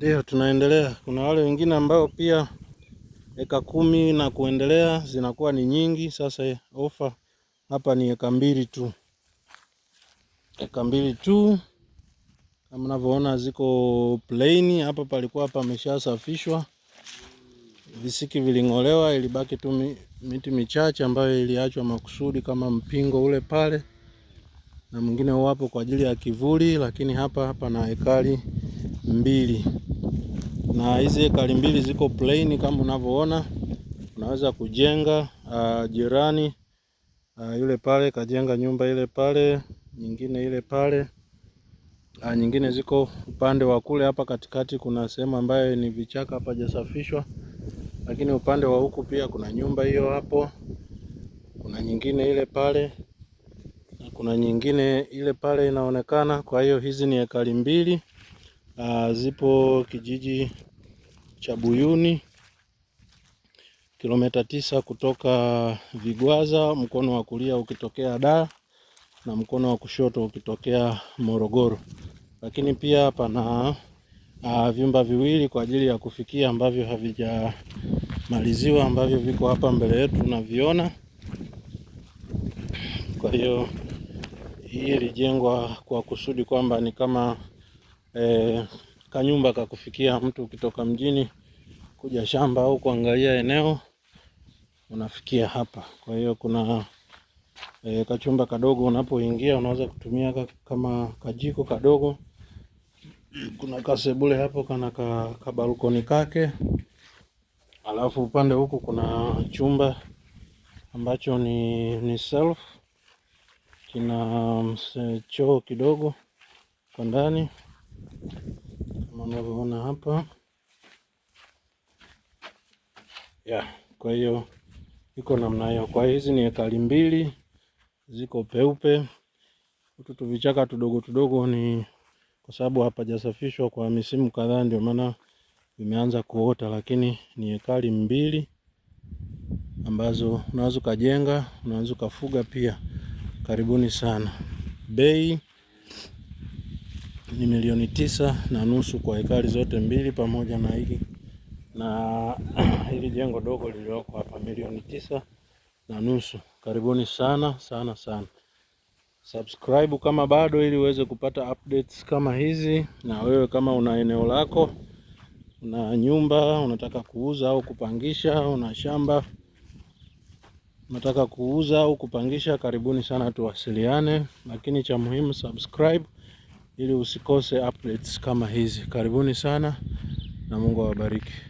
Ndio tunaendelea. Kuna wale wengine ambao pia eka kumi na kuendelea zinakuwa ni nyingi. Sasa ofa hapa ni eka mbili tu, eka mbili tu kama mnavyoona ziko plain. Hapa palikuwa pameshasafishwa, visiki viling'olewa, ilibaki tu miti michache ambayo iliachwa makusudi kama mpingo ule pale na mwingine huwapo kwa ajili ya kivuli, lakini hapa hapa na mbili na hizi ekari mbili ziko plain kama unavyoona, unaweza kujenga uh, jirani uh, yule pale kajenga nyumba ile pale, nyingine ile pale uh, nyingine ziko upande wa kule. Hapa katikati kuna sehemu ambayo ni vichaka, jasafishwa, lakini upande wa huku pia kuna nyumba hiyo hapo, kuna nyingine ile pale na kuna nyingine ile pale inaonekana. Kwa hiyo hizi ni ekari mbili uh, zipo kijiji cha Buyuni kilomita tisa kutoka Vigwaza, mkono wa kulia ukitokea Dar na mkono wa kushoto ukitokea Morogoro. Lakini pia pana uh, vyumba viwili kwa ajili ya kufikia ambavyo havijamaliziwa ambavyo viko hapa mbele yetu tunaviona. Kwa hiyo hii ilijengwa kwa kusudi kwamba ni kama e, kanyumba kakufikia mtu ukitoka mjini kuja shamba au kuangalia eneo unafikia hapa. Kwa hiyo kuna e, kachumba kadogo unapoingia, unaweza kutumia kama kajiko kadogo. Kuna kasebule hapo kana ka, kabalkoni kake, alafu upande huku kuna chumba ambacho ni, ni self kina choo kidogo kwa ndani kama unavyoona hapa ya. Kwa hiyo iko namna hiyo. Kwa hizi ni ekari mbili ziko peupe. Hutu tuvichaka tudogo tudogo ni kwa sababu hapajasafishwa kwa misimu kadhaa, ndio maana vimeanza kuota, lakini ni ekari mbili ambazo unaweza ukajenga, unaweza ukafuga pia. Karibuni sana. Bei ni milioni tisa na nusu kwa hekari zote mbili pamoja na hili na hili jengo dogo lililoko hapa milioni tisa na nusu. Karibuni sana sana sana, subscribe kama bado, ili uweze kupata updates kama hizi. Na wewe kama una eneo lako, una nyumba unataka kuuza au kupangisha, una shamba unataka kuuza au kupangisha, karibuni sana tuwasiliane, lakini cha muhimu subscribe ili usikose updates kama hizi. Karibuni sana na Mungu awabariki.